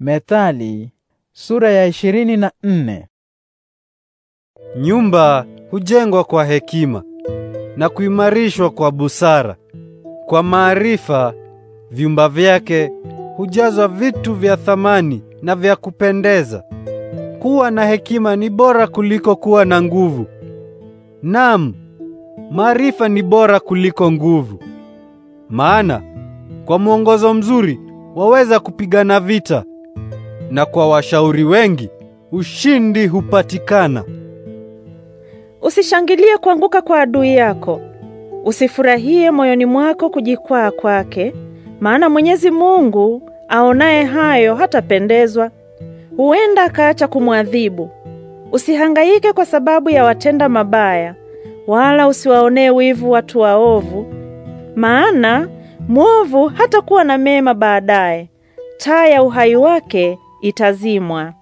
Methali sura ya ishirini na nne. Nyumba hujengwa kwa hekima na kuimarishwa kwa busara. Kwa maarifa vyumba vyake hujazwa vitu vya thamani na vya kupendeza. Kuwa na hekima ni bora kuliko kuwa na nguvu. Naam, maarifa ni bora kuliko nguvu. Maana kwa mwongozo mzuri waweza kupigana vita na kwa washauri wengi ushindi hupatikana. Usishangilie kuanguka kwa adui yako, usifurahie moyoni mwako kujikwaa kwake, maana Mwenyezi Mungu aonaye hayo hatapendezwa, huenda akaacha kumwadhibu. Usihangaike kwa sababu ya watenda mabaya, wala usiwaonee wivu watu waovu, maana mwovu hatakuwa na mema baadaye. Taa ya uhai wake itazimwa.